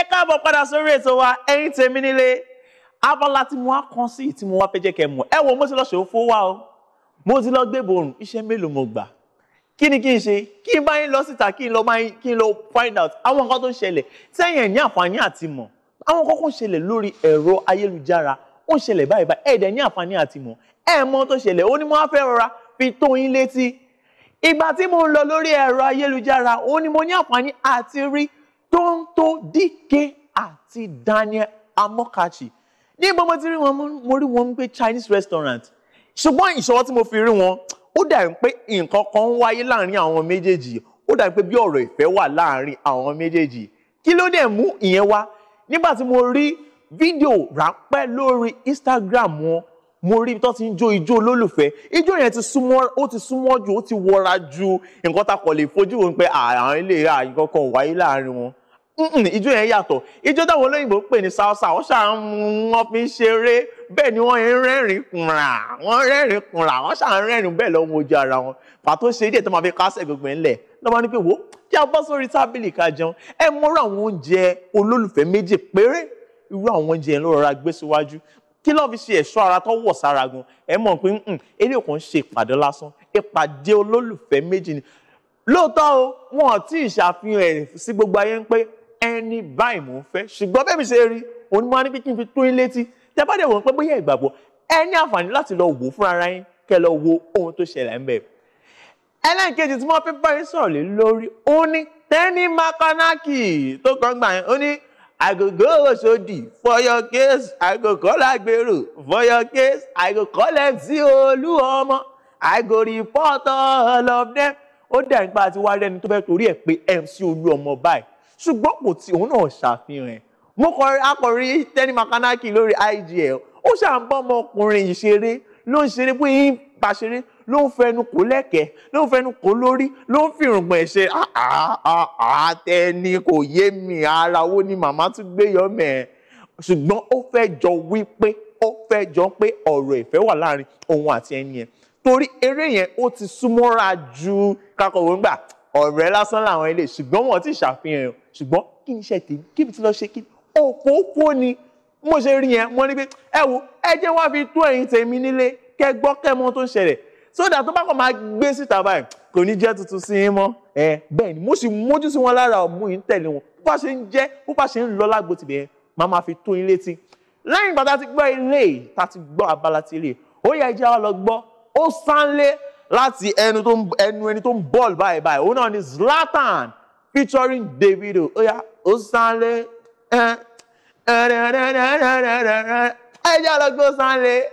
ẹ káàbọ̀ padà sórí ètò wa ẹ̀yin tèmi nílé abala tí mo wá kàn sí tí mo wá fẹ́ jẹ́ kẹ́ mọ̀ ẹ wo mo ti lọ ṣòwò fún wa o mo ti lọ gbé borùn iṣẹ́ mélòó mo gbà kí ni kí n ṣe kí n bá yín lọ síta kí n lọ find out àwọn nǹkan tó ń ṣẹlẹ̀ sẹ́yìn ẹ̀ ní àǹfààní àti mọ̀ àwọn nǹkan kan ń ṣẹlẹ̀ lórí ẹ̀rọ ayélujára ó ń ṣẹlẹ̀ báyìí báyìí ẹ̀ẹ́dẹ̀ ní àǹfààní àti mọ̀ ẹ̀ mọ̀ tó ṣẹlẹ̀ ó ní mo á fẹ́ rọra fi tó yín létí ìgbà tí mo ń lọ lórí ẹ̀rọ ayélujára ó ní mo ní àǹfààní àti rí Tonto Dike àti Daniel Amokachi ní ìbọn mo ti rí wọn mo rí wọn pé Chinese restaurant ṣùgbọ́n ìṣọwọ́ tí mo fi rí wọn ó dàbí pé nǹkan kan ń wáyé láàrin àwọn méjèèjì ó dàbí pé bí ọ̀rọ̀ ìfẹ́ wà láàrin àwọn méjèèjì kí ló dẹ̀ mú ìyẹn wá nígbà tí mo rí fídíò ráńpẹ́ lórí Instagram wọn mo rí ibi tó ti ń jó ijó olólùfẹ́ ijó yẹn ti súnmọ́ ó ti súnmọ́ ju ó ti wọra ju nǹkan tá a lè fojú wọn pé àwọn ilé ìhà nǹkan kan wáyé láàrin wọn ijó yẹn yàtọ̀ ijó táwọn olóyìnbó ń pè ní salsa wọ́n ṣáà ń wọ́n fi ṣeré bẹ́ẹ̀ ni wọ́n ń rẹ́rìn kùnrà wọ́n rẹ́rìn kùnrà wọ́n ṣáà ń rẹ́rìn bẹ́ẹ̀ lọ́wọ́ ojú ara wọn pàtó ṣe díẹ̀ tó máa fi kásẹ̀ gbogbo ńlẹ̀ lọ́wọ́ ni pé wò kí a bá sórí tábìlì ká jẹun ẹ mọ́rú àwọn oúnjẹ olólùfẹ́ méjì péré irú àwọn oúnjẹ yẹn ló rọra gbé síwájú kí ló fi ṣe ẹ̀ṣọ́ ara tó wọ̀ sára gan ẹ mọ̀ pé eré ṣe ìpàdé lásán ìpàdé olólùfẹ́ méjì ni lóòótọ́ o wọn ò tí ì ṣàfihàn ẹ̀ sí gbogbo ayé ń pé ẹni báyìí mò ń fẹ́ ṣùgbọ́n bẹ́ẹ̀ mi ṣe rí òun ni mo wá ní pé kí n fi tó yín létí tẹ́ bá dẹ̀ wọ́n pé bóyá ìgbàgbọ́ ẹ ní àǹfààní láti lọ wò fún ara yín kẹ́ lọ wo ohun tó ṣẹlẹ̀ ń bẹ̀. ẹlẹ́nkejì tí wọ́n fi bá yín sọ̀rọ̀ lé lórí ó ní Tẹ́ní Makanaki tó kàn gbà yín ó ní àgògó Òṣòdì for your case I go call Agbero for your case I go call MC Olúọmọ I go report all of them ó dẹ̀ nípa àti wá rẹ́ni tó fẹ́ torí ẹ̀ pé MC Olúọmọ báyìí ṣùgbọ́n kò tí òun náà ṣàfihàn ẹ̀ mo kọ akọ̀rí Tẹ́ni Makanaki lórí IGL ó ṣàǹbọ̀ ọmọkùnrin ìṣeré ló ń ṣeré bó yín pàṣẹré ló ń fẹnu kò lẹ́kẹ̀ẹ́ ló ń fẹnu kò lórí ló ń fìrùngbọ̀n ẹ̀ ṣe ah, ah, ah, Tẹ́ni kò yé mi ara wo ni màmá tún gbé yọmẹ̀ ẹ̀ ṣùgbọ́n ó fẹ́ jọ wí pé ó fẹ́ jọ pé ọ̀rọ̀ ìfẹ́ wà láàrin òun àti ẹni yẹn torí eré yẹn ó ti súnmọ́ra ju kakọ̀wé ńgbà ọ̀rẹ́ lásán làwọn ilé ṣùgbọ́n wọn ti ṣàfihàn yàn ṣùgbọ́n kí ni iṣẹ́ tèmi kí ni tí lọ ṣe kí òfófó ni mo ṣe rí yẹn mo ní pé ẹ wo ẹ jẹ́ wá fi tó ẹ̀yin tèmi nílé kẹ gbọ́ kẹ mọ tó ń ṣẹlẹ̀ sódà tó bá kàn máa gbé síta báyìí kò ní jẹ́ tuntun sí yín mọ́ ẹ bẹ́ẹ̀ ni mo sì mójú sí wọn lára ọ̀mú yìí ń tẹ̀lé wọn bó bá ṣe ń jẹ́ bó bá ṣe ń lọ lágbo tìbẹ̀ yẹn máa máa fi tó yín létí lẹ́yìn ìgbà tá ti gbọ́ ilé tá ti gbọ́ abala ti ilé ó yẹ ẹ jẹ́ wá lọ gbọ́ ó sánlé láti ẹnu tó ẹnu ẹni tó ń bọ́ọ̀lù báyìí báyìí òun náà ni Zlatan featuring Davido oya ó Sánlé ẹ ẹ ẹ ẹ ẹ ẹ ẹ ẹ ẹ ẹ jẹ́ ọlọ́gbọ́n Sánlé.